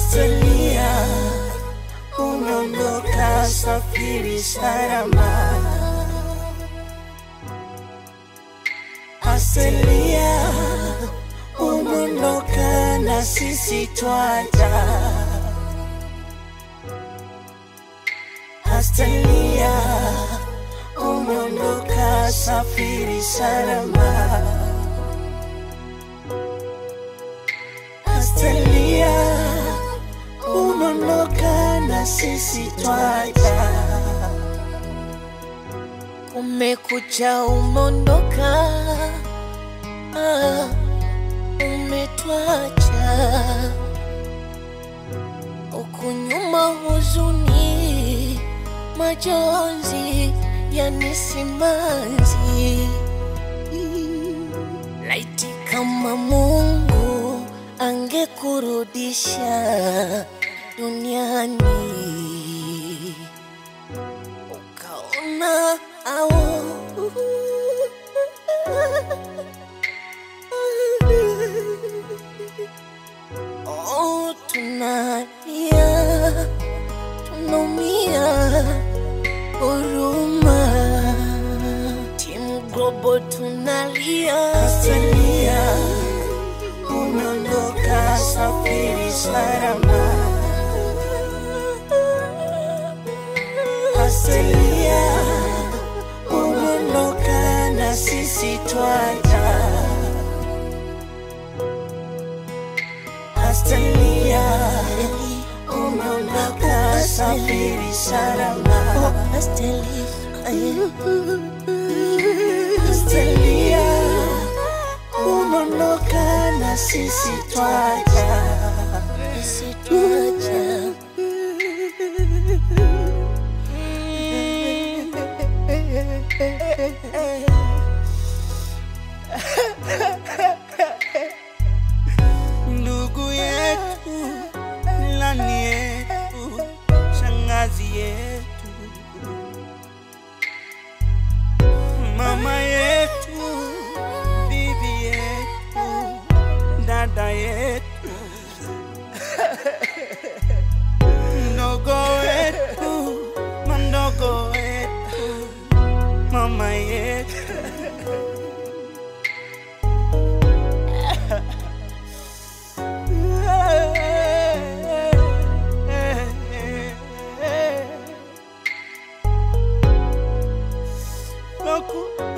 Tanzania unaondoka, safiri salama asilia, unaondoka na sisi twata asilia, unaondoka, safiri salama sisi twaja, umekucha umondoka, ah, umetwacha huku nyuma, huzuni, majonzi yanisimanzi laiti kama Mungu angekurudisha duniani ukaona au oh, tunalia tunaumia huruma timu globo tunalia salia unaondoka safiri salama Twaya Astalia Umeondoka safiri salama Astalia Umeondoka na sisi twaya mama yet.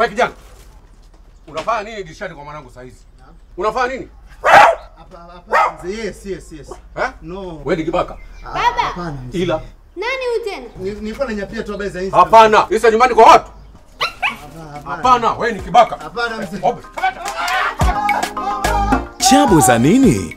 We kijana, unafanya nini dirishani kwa mwanangu saa hizi? Unafanya nini? Hapa hapa Yes, yes, yes. Eh? No. Wewe ni kibaka. Ah, Baba. Hapana. Ila nani huyu tena? Nilikuwa nanyapia tu habari za Insta. Hapana. Insta nyumbani kwa watu? Hapana. Wewe ni kibaka. Hapana mzee. Chabu za nini?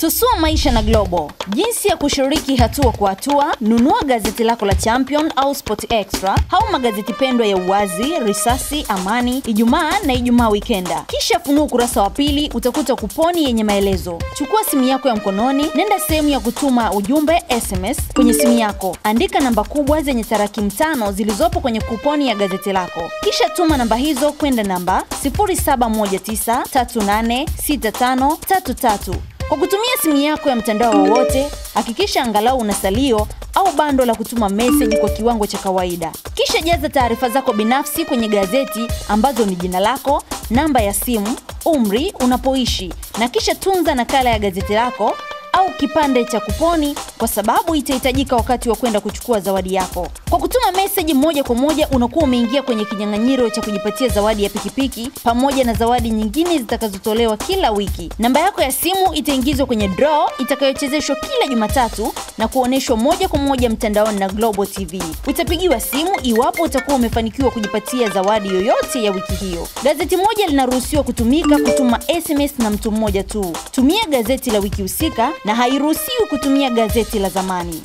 Tusua maisha na Global, jinsi ya kushiriki hatua kwa hatua. Nunua gazeti lako la Champion au Sport Extra au magazeti pendwa ya Uwazi, Risasi, Amani, Ijumaa na Ijumaa Wikenda, kisha funua ukurasa wa pili, utakuta kuponi yenye maelezo. Chukua simu yako ya mkononi, nenda sehemu ya kutuma ujumbe SMS kwenye simu yako, andika namba kubwa zenye tarakimu tano zilizopo kwenye kuponi ya gazeti lako, kisha tuma namba hizo kwenda namba 0719386533 kwa kutumia simu yako ya mtandao wowote, hakikisha angalau una salio au bando la kutuma meseji kwa kiwango cha kawaida. Kisha jaza taarifa zako binafsi kwenye gazeti ambazo ni jina lako, namba ya simu, umri, unapoishi na kisha tunza nakala ya gazeti lako au kipande cha kuponi kwa sababu itahitajika wakati wa kwenda kuchukua zawadi yako. Kwa kutuma meseji moja kwa moja unakuwa umeingia kwenye kinyang'anyiro cha kujipatia zawadi ya pikipiki pamoja na zawadi nyingine zitakazotolewa kila wiki. Namba yako ya simu itaingizwa kwenye dr itakayochezeshwa kila Jumatatu na kuonyeshwa moja kwa moja mtandaoni na Global TV. Utapigiwa simu iwapo utakuwa umefanikiwa kujipatia zawadi yoyote ya wiki hiyo. Gazeti moja linaruhusiwa kutumika kutuma SMS na mtu mmoja tu. Tumia gazeti la wiki husika na hairuhusiwi kutumia gazeti la zamani.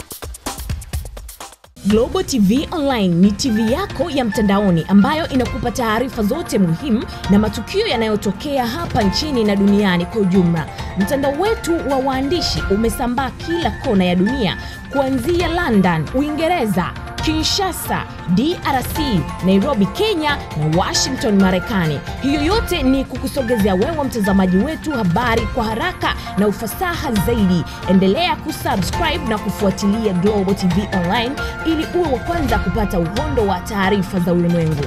Global TV Online ni TV yako ya mtandaoni ambayo inakupa taarifa zote muhimu na matukio yanayotokea hapa nchini na duniani kwa ujumla. Mtandao wetu wa waandishi umesambaa kila kona ya dunia kuanzia London, Uingereza Kinshasa, DRC, Nairobi Kenya na Washington Marekani. Hiyo yote ni kukusogezea wewe mtazamaji wetu habari kwa haraka na ufasaha zaidi. Endelea kusubscribe na kufuatilia Global TV Online ili uwe wa kwanza kupata uhondo wa taarifa za ulimwengu.